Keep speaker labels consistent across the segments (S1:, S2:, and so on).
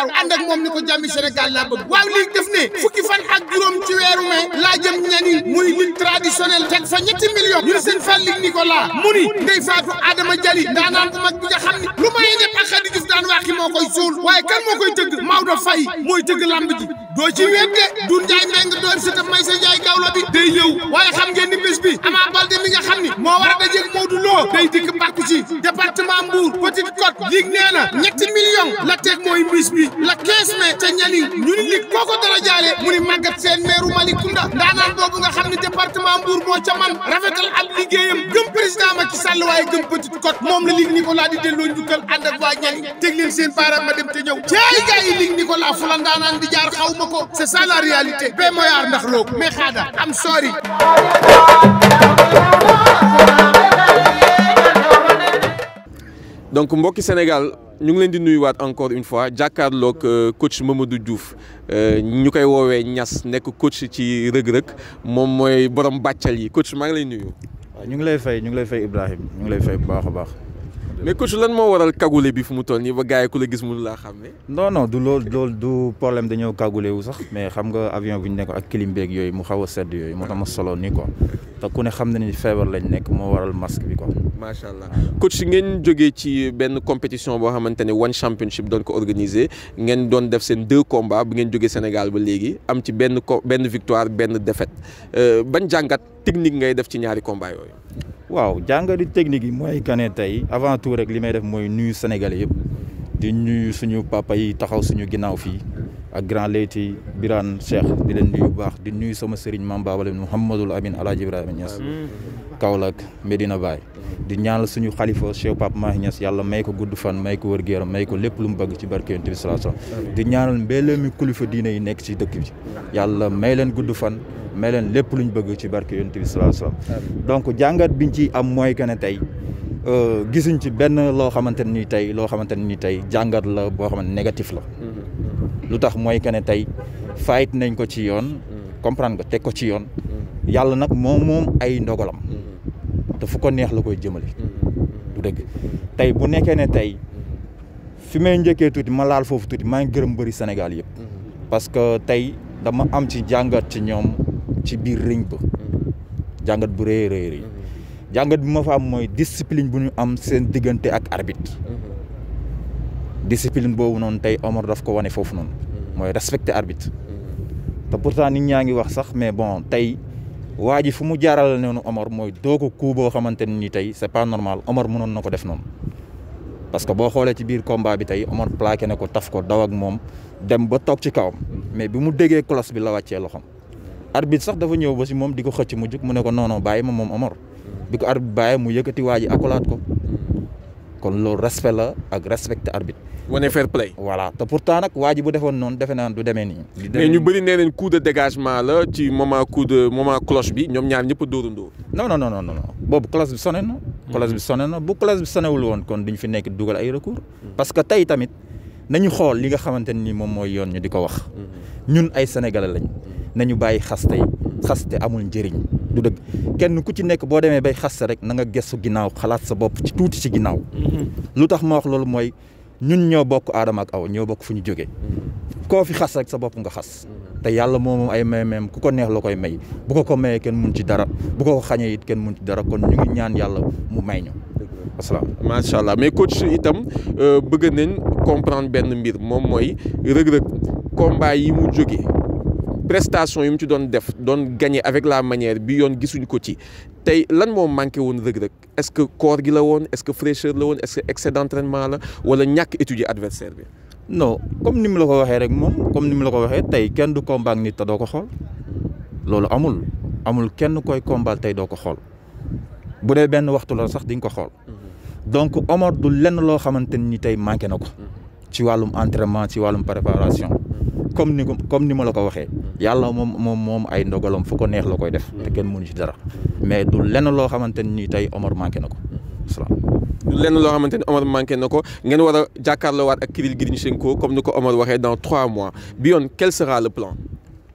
S1: gannaaw ànd ak moom ni ko jàmmi Sénégal laa bëgg waaw lii def ne fukki fan ak juróom ci weeru mai laa jëm ñani muy lutte traditionnelle teg fa ñetti million ñun seen fàllig Nicolas mu ni ndey faatu Adama Jali ndaanaan bu mag bi nga xam ni lu may ñëpp ak Xadi Juuf daan waaxi moo koy suul waaye kan moo koy tëgg Maodo Faye mooy tëgg lamb ji doo ci wedde du Njaay Mbeng door si may sa Njaay gawlo bi day ñëw waaye xam ngeen ni bés bi Ama Baldé mi nga xam ni moo a ko day dikk bàkku ci département Mbour Petite Côte lig nee na ñetti million la teg mooy bi la 15 mai ca ñun lig koo ko dara jaale seen meeru Malicounda ndaanaan boobu nga xam ne département Mbour moo ca man rafetal ab liggéeyam gëm président Macky Sall waaye gëm Petite moom la lig Nicolas di delloo njukkal ànd ak waa ñali teg seen baaraam ma dem te ñëw cey gars yi lig Nicolas fu la jaar xaw ko c'est ça la réalité ba
S2: donc mbokki Sénégal ñu ngi leen di nuyuwaat encore une fois jàkkaarloog euh, coach Mamadou Diouf euh, ñu koy woowee ñas nekk coach ci rëg-rëg moom mooy borom bàccal yi coach maa ngi lay nuyu. waaw ñu ngi lay fay ñu ngi fay Ibrahim ñu ngi lay fay bu baax a baax. mais coach lan moo waral kagule bi fu mu toll nii ba gars yi ku la gis mënu laa xam ne.
S3: non non du loolu loolu du problème dañoo kagule wu sax mais xam nga avion bi ñu nekk ak clim beeg yooyu mu xaw a sedd yooyu moo tax ma solo nii ko te ku ne xam na ni feebar lañ nekk moo waral masque bi ko macha allah coach ngeen
S2: jógee ci benn compétition boo xamante ne one championship doon ko organiser ngeen doon def seen deux combats bu ngeen jógee Sénégal ba léegi am ci benn co benn victoire benn défaite euh, ban jàngat technique ngay def ci ñaari combats yooyu.
S3: waaw jàngale technique yi mooy que ne tey avant tout rek li may def mooy nuyu Sénégalais yëpp di nuyu suñu papa yi taxaw suñu ginnaaw fii ak grand layti Birane Cheikh di leen nuyu bu baax di nuyu sama sëriñ maam Babalé Mouhamadul Amin Alaaji Ibrahima Niass Kaolack Medina baay di ñaanal suñu xalifa Cheikh Pape Mahi Niass yàlla may ko gudd fan may ko wër géeram may ko lépp lu mu bëgg ci barke Yonent bi sallallahu alayhi di ñaanal mbooleem mi kilifa diine yi nekk ci dëkk bi yàlla may leen gudd fan may leen lépp lu ñu bëgg ci barke Yonent bi sallallahu alayhi wasallam donc jàngat ñu ci am mooy que ne tey euh, gisuñ ci benn loo xamante ni tey loo xamante ni tey jàngat la boo xamante négatif la lu tax mooy que ne tey fayit nañ ko ci yoon mm. comprendre teg ko ci yoon yàlla nag moom ay ndogalam mm. te fu ko neex la koy jëmale. Mm-hmm. du dëgg tey bu nekkee ne tey mm-hmm. fi may njëkkee tuuti ma laal foofu tuuti maa ngi gërëm bëri Sénégal yëpp.
S4: Mm-hmm.
S3: parce que tey dama am ci jàngat ci ñoom ci biir rëñ ba. jàngat bu rëy rëy jàngat bi ma fa am mooy discipline bu ñu am seen diggante ak arbitre. discipline boobu noonu tey Omar daf ko wane foofu noonu. mooy respecter arbitre. te pourtant nit ñaa ngi wax sax mais bon tey. waa ji fu mu jaarale noonu Omar mooy doo ko coup boo xamante ne ni tey c'est pas normal Omar mënoon na ko def noonu parce que boo xoolee ci biir combat bi tey Omar plaqué na ko taf ko daw moom dem ba toog ci kawam mais bi mu déggee cloche bi la wàccee loxoom. arbitre sax dafa ñëw ba si moom di ko xëcc mu jug mu ne ko noono bàyyi ma moom Omar bi ko arbitre bàyyi mu yëkkati waa ji akulaat ko. kon loolu respect la ak respecté arbitre. wane fair play. voilà te pourtant nag waa ji bu defoon noonu defe naan du demee nii. mais ñu
S2: bëri nee nañ coup de dégagement la ci moment coup de moment cloche bi ñoom
S3: ñaar ñëpp a dóorandoo. non non non non non boobu cloche bi sonné na. cloche bi mhm. sonné na bu cloche bi sonnéwul woon kon duñ fi nekk dugal ay recours. parce que tey tamit nañu xool li nga xamante ni moom mooy yoon ñu di ko wax. Mhm. ñun ay sénégalais lañ. Mhm. nañu bàyyi xaste yi xaste amul njëriñ. du dëgg kenn ku ci nekk boo demee bay xas sa rek na nga gestu ginnaaw xalaat sa bopp ci tuuti si ginnaaw. Mhm. lu tax ma wax loolu mooy ñun ñoo bokk aadama ak aw ñoo bokk fu ñu jógee. Mhm. koo fi xas rek sa bopp nga xas. Mhm. te yàlla moom ay may meem ku ko neex la koy may bu ko ko mayee kenn mun ci dara bu ko ko xañee it kenn mun ci dara kon ñu ngi ñaan yàlla mu may ñu. asalaamaaleykum macha
S2: allah mais coach itam euh, bëgg nañ comprendre benn mbir moom mooy Reug Reug combat yi mu jógee. prestation yi mu ci doon def doon gagné avec la manière bi yoon gisuñ ko ci tey lan moo manqué woon rëg-rëg est-ce que corps gi la woon est-ce que fraîcheur la woon
S3: est-ce que excès d'entraînement la wala ñàkk étudier adversaire bi non comme ni mu la ko waxee rek moom comme ni mu la ko waxee tey kenn du combat nit te doo ko xool loolu amul amul kenn koy combat tey doo ko xool bu dee benn waxtu la sax di nga ko xool mhm. donc Omar du lenn loo xamante ni tey manqué na ko mhm. ci wàllum entraînement ci wàllum préparation mhm. comme ni comme ni ma la ko waxee yàlla moom moom moom ay ndogalam fu ko neex la koy def te kenn mënu ci dara mais du lenn loo xamante ni tey Omar manqué na ko salaam.
S2: lenn loo xamante ni Omar manqué na ko ngeen war a jàkkaarloo waat ak Kirill Grishenko comme ni ko Omar waxee dans trois mois
S3: bi yoon quel sera le plan.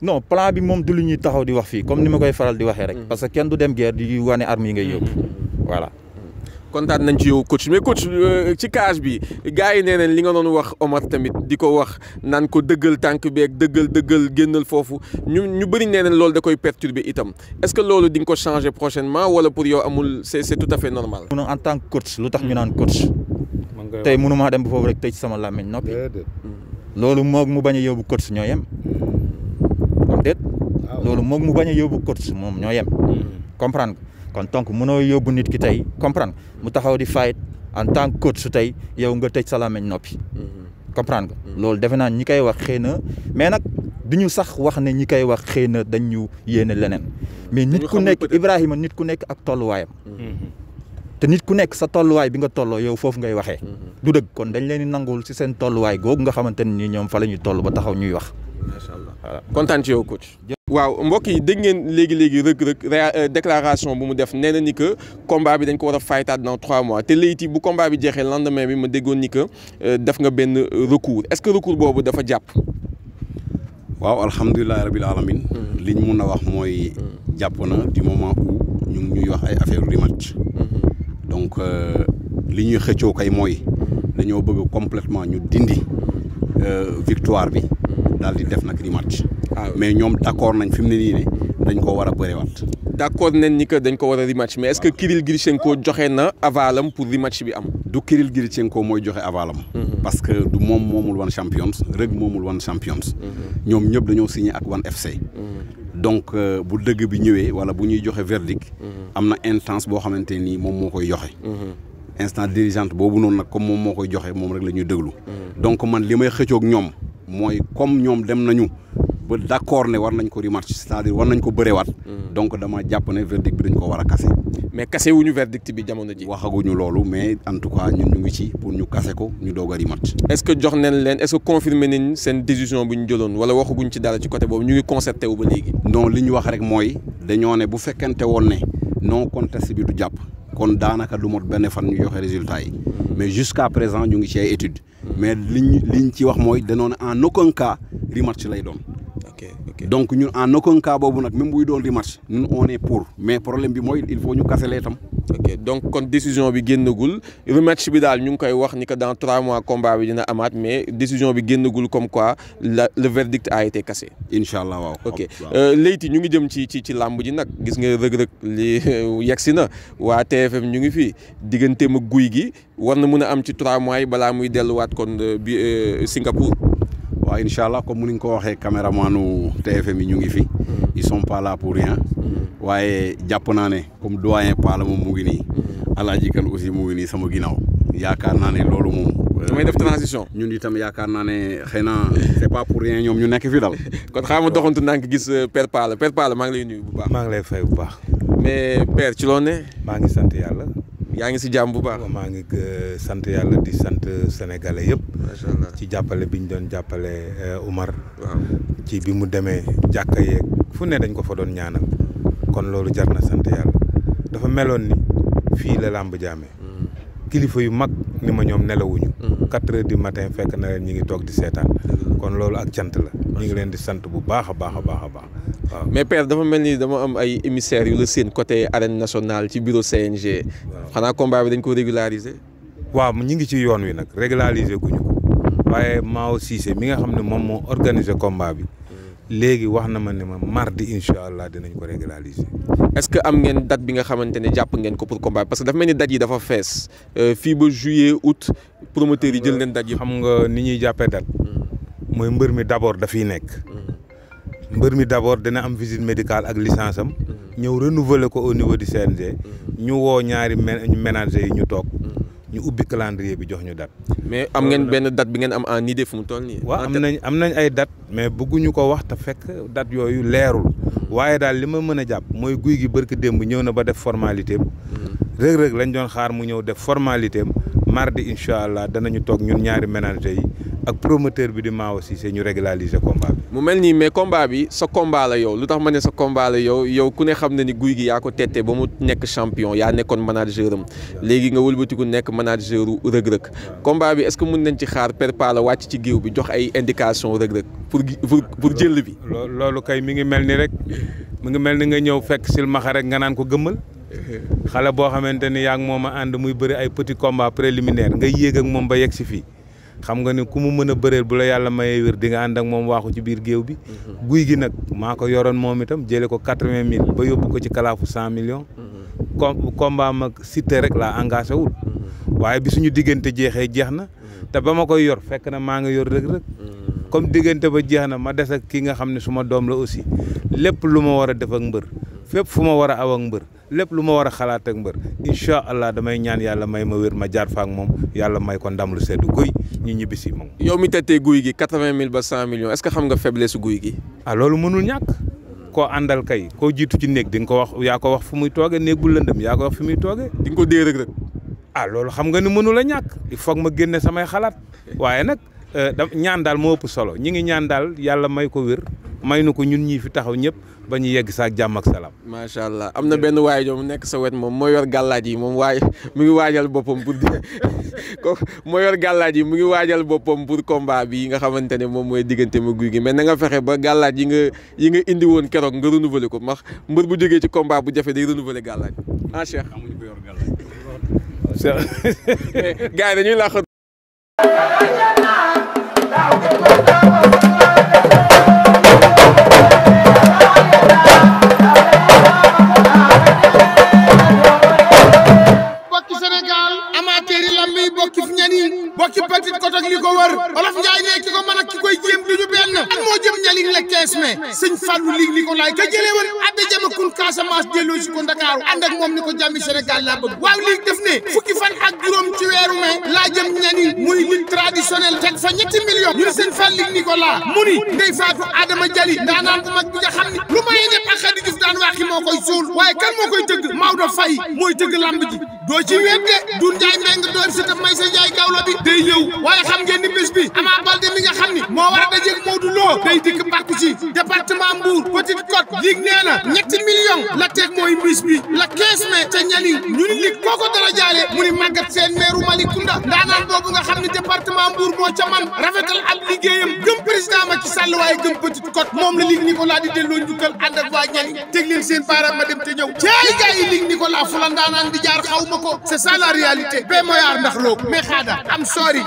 S3: non plan bi moom du lu ñuy taxaw di wax fii comme ni ma koy faral di waxee rek. Mm-hmm. parce que kenn du dem guerre di wane armes yi ngay yóbbu mm-hmm. voilà. kontaan nañ ci yow coach mais coach
S2: euh, ci cage bi gars yi nee nañ li nga doon wax Omar tamit di ko wax naan ko dëggal tànk beeg dëggal dëggal génnal foofu ñu ñu bëri nee nañ loolu da koy perturber itam est-ce que loolu di nga ko changer prochainement wala pour yow amul c'est c'est tout à fait normal.
S3: en tant que coach lu tax ñu hmm. naan coach. tey mënu dem ba foofu rek tëj sama làmmiñ noppi. Hmm. loolu moog mu bañ a yóbbu coach ñoo yem. Hmm. am déet ah, loolu moog mu bañ a yóbbu coach moom ñoo yem. comprendre kon donc mënoo yóbbu nit ki tey comprendre mu taxaw di fight en tant cote coach su tey yow nga tëj sa làmmiñ noppi. Mm-hmm. comprendre nga. Mm-hmm. loolu defe naa ñi koy wax xëy na mais nag du ñu sax wax ne ñi koy wax xëy na dañ ñu yéene leneen. mais nit ku nekk Ibrahima nit ku nekk ak tolluwaayam. Mm-hmm. te nit ku nekk sa tolluwaay bi nga tolloo yow foofu ngay waxee. du dëgg kon dañ leen di nangul si seen tolluwaay googu nga xamante ni ñoom fa la ñuy toll ba taxaw ñuy wax. macha allah kontaan ci yow
S2: waaw mbokk yi dégg ngeen léegi léegi Reug Reug déclaration bu mu def nee na ni que combat bi dañ ko war a faytaat dans trois mois te léegi bu combat bi jeexee lendemain bi ma déggoon ni que euh, def nga benn recours est-ce que recours boobu dafa jàpp.
S5: waaw alhamdulilah rabil alamin mm-hmm. liñ mun a wax mooy. Mm-hmm. jàpp na du moment où ñu ngi ñuy wax ay affaire rematch. Mm-hmm. donc euh, li ñuy xëccoo kay mooy. dañoo bëgg complètement ñu dindi euh, victoire bi. daal di def nag rematch. Ah, mais ñoom d' accord nañ fi mu ne nii ne dañ ko war a bëriwaat. d'
S2: accord nañ ni que dañ ko war a rematch mais est ce que Kirill Grishenko joxe na avalam pour rematch bi am.
S5: du Kirill Grishenko mooy joxe avalam. Mhm. parce que du moom moomul wan champions rek moomul wan champions. Mhm. ñoom ñëpp dañoo signé ak wan FC. Mhm. donc euh, bu dëgg bi ñëwee wala bu ñuy joxe verdict. am na instance boo xamante nii moom moo koy joxe. instance dirigeante boobu noonu nag comme moom moo koy joxe moom rek la déglu. donc man li may xëccoog ñoom mooy comme ñoom dem nañu. ba d' accord ne war nañ ko rematch c' est dire war nañ ko bërewaat. Mm. donc dama jàpp ne verdict bi dañ ko war a kase. mais kase wuñu verdict bi jamono ji. waxaguñu loolu mais en tout cas ñun ñu ngi ci pour ñu kase ko ñu doog a rematch.
S2: est que jox nañ leen est ce que confirmé nañ seen ñu
S5: jëloon wala waxaguñ ci dara ci côté boobu ñu ngi concerté wu ba léegi. non li ñu wax rek mooy dañoo ne bu fekkente woon ne non conteste bi du jàpp. kon daanaka du mot benn fan ñu joxe résultat yi mm. mais jusqu'à présent ñu ngi ci ay études mm. mais liñ liñ ci wax mooy danoon en aucun cas rematch lay doon donc ñun en aucun cas boobu nag même buy doon di match ñun on est pour mais problème bi mooy il faut ñu kase lee tam. ok donc kon décision bi génnagul rematch bi
S2: daal ñu ngi koy wax ni que dans trois mois combat bi dina amaat mais décision bi génnagul comme quoi la le verdict a été cassé. incha allah waaw. ok oh, euh, Leyti ñu ngi jëm ci ci ci làmb ji nag gis nga rëg-rëg li yegsi na waa TFM ñu ngi fii digganteem ak guy gi war na
S5: mun a am ci trois mois yi balaa muy delluwaat kon euh, bi euh, Singapour. waaw incha allah comme niñ ko waxee caméramanu TFM i ñu ngi fi mm-hmm. ils sont pas là pour rien mm-hmm. waaye jàpp naa ne comme doyen Pala moom mu ngi nii mm-hmm. Alaaji Kan aussi mu ngi nii sama ginnaaw yaakaar naa ne loolu moom. Euh, damay def transition ñun itam yaakaar naa ne xëy na c'est pas pour rien ñoom ñu nekk fi daal. kon xam nga doxantu naa gis per euh, Pala Père Pala maa ngi lay nuyu bu
S4: baax. maa ngi lay fay bu baax. mais Père ci loo ne. maa ngi sant yàlla. yaa ngi si jàmm bu baax. maa ngi euh, sant yàlla di sant sénégalais yëpp. ci jàppale bi ñu doon jàppale euh, Umar. ci bi mu demee jàkka yeeg fu ne dañ ko fa doon ñaanal. kon loolu jar na sant yàlla dafa meloon ni fii la làmb jaamee. Mm. kilifa yu mag ni ma ñoom nelawuñu. 4 mm. heures du matin fekk na leen ñu ngi toog di seetaan. kon loolu ak cant la. ñu ngi leen di sant bu baax a baax a baax a baax waaw.
S2: mais père dafa mel ni dama am ay émissaires yu la seen côté arène nationale ci bureau CNG. xanaa combat bi dañ ko régulariser. waaw
S4: ñu ngi ci yoon wi nag régulariser guñu ko waaye Mao Cissé mi nga xam ne moom moo organiser combat bi léegi wax na ma ne ma mardi incha allah dinañ ko régulariser.
S2: est-ce que am ngeen date bi nga xamante ne jàpp ngeen ko pour combat parce que dafa mel ni date yi dafa fees euh, fii ba juillet
S4: août promoteurs yi jël euh, leen date yi. xam nga ni ñuy jàppee date. mooy mbër mi d'abord dafiy nekk mm-hmm. mbër mi d'abord dana am visite médical ak licence am mm-hmm. ñëw renouveler ko au niveau du mm-hmm. ñu woo ñaari ménager yi ñu toog ñu ubbi calendrier bi jox ñu date mais am ngeen benn date bi ngeen am en idée fu mu toll nii waaw am nañ am nañ ay dat mais bëgguñu ko wax te fekk date yooyu leerul waaye daal li ma mën a jàpp mooy guy gi bërki démb ñëw na ba def formalité rëg-rëg lañ doon xaar mu ñëw def formalité am mardi incha allah danañu toog ñun ñaari ménager yi ak promoteur bi di Mao Cissé ñu régulariser combat
S2: bi. mu mel nii mais combat bi sa combat la yow lu tax ma ne sa combat la yow yow ku ne xam na ni guy gi yaa ko tette ba mu nekk champion yaa nekkoon manager am léegi nga walbati ku nekk manager u
S4: rëg-rëg combat
S2: bi est-ce que mun nañ ci xaar perpa la wàcc ci géew bi jox ay indication rëg-rëg pour
S4: pour pour jël bi. loolu kay mi ngi mel ni rek mu ngi mel ni nga ñëw fekk silmaxa rek nga naan ko gëmmal. xale boo xamante ni yaa ngi moom ànd muy bëri ay petit combat préliminaire nga yéeg ak moom ba yegg si fii. xam nga ne ku mu mën a bëreel bu la yàlla mayee wér di nga ànd ak moom waaxu ci biir géew bi mhm. guy gi nag maa ko yoroon moom itam jële ko quatre-vingt mille ba yóbbu ko ci kalaafu cent millions mhm. com combat mag Siteu rek laa engagé wul mhm. waaye bi suñu diggante jeexee jeex na te ba ma koy yor fekk na maa ngi yor Reug Reug comme diggante ba jeex na ma des ak ki nga xam ne suma doom la aussi lépp lu ma war a def ak mbër lépp fu ma war a aw mbër lépp lu ma war a xalaat ak mbër incha allah damay ñaan yàlla may ma wér ma jaar faak moom yàlla may ko ndam lu seddu guy ñu ñibbisi moom. yow mi tëttee guy gi quatre mille
S2: ba cent millions est-ce que xam
S4: nga faiblesse guy gi. ah loolu mënul ñàkk. koo àndal kay koo jiitu ci néeg di nga ko wax yaa ko wax fu muy toogee néegul lëndëm yaa ko wax fu muy toogee. di ko dee rek rek. ah loolu xam nga ni mënula a ñàkk il faut ma génne samay xalaat waaye nag euh, da ñaan daal moo solo ñi ngi ñaan daal yàlla may ko wér may nu ko ñun ñii fi taxaw ñëpp ba ñu yegg saak jàmm ak salaam.
S2: macha allah am na benn waay joo nekk sa wet moom moo yor gallaaj yi
S4: moom waay mu ngi waajal boppam pour
S2: ko moo yor gàllaaj yi mu ngi waajal boppam pour combat bi nga xamante ne moom mooy diggante ma guy gi mais na nga fexe ba gàllaaj yi nga yi nga indi woon keroog nga renouveler ko ndax mbër bu jógee ci komba bu jafe day renouveler gàllaaj ah Cheikh. amuñu ko yor gàllaaj. Eh, dañuy làq.
S1: Sénégal laa bëgg waaw léegi def ne fukki fan ak juróom ci weeru mai laa jëm ñani muy lutte traditionnelle teg fa ñetti millions ñu ne seen fàllig Nicolas mu ni Ndeye Adama Jali ndaanaan bu mag bi nga ni lu may Maraxi moo koy suul waaye kan moo koy tëgg Maodo Faye mooy tëgg lamb ji doo ci wet de du Njaay may nga door sëtam gawlo bi day ñëw waaye xam ngeen ni bés bi Ama Baldé mi nga xam ni moo war a dajeeg Modou Lo day dikk bàkku ci département Mbour Petite Côte lig nee na ñetti million la teg mooy bis bi la 15 mai ca ñaning ñu ni lig kooko dara jaale mu ni màggat seen meeru Malicounda ndaanaan boobu nga xam ne département Mbour moo ca man rafetal ak liggéeyam président Sall waaye gëm Petite Côte moom la Luc Nicolas di delloo njukkal ànd ak waa ñani teg leen seen baaraam ma dem te ñëw cey gars yi Luc Nicolas fu la ndaanaan di jaar xaw ko c'est ça la réalité ba ndax loogu mais xaada am sorry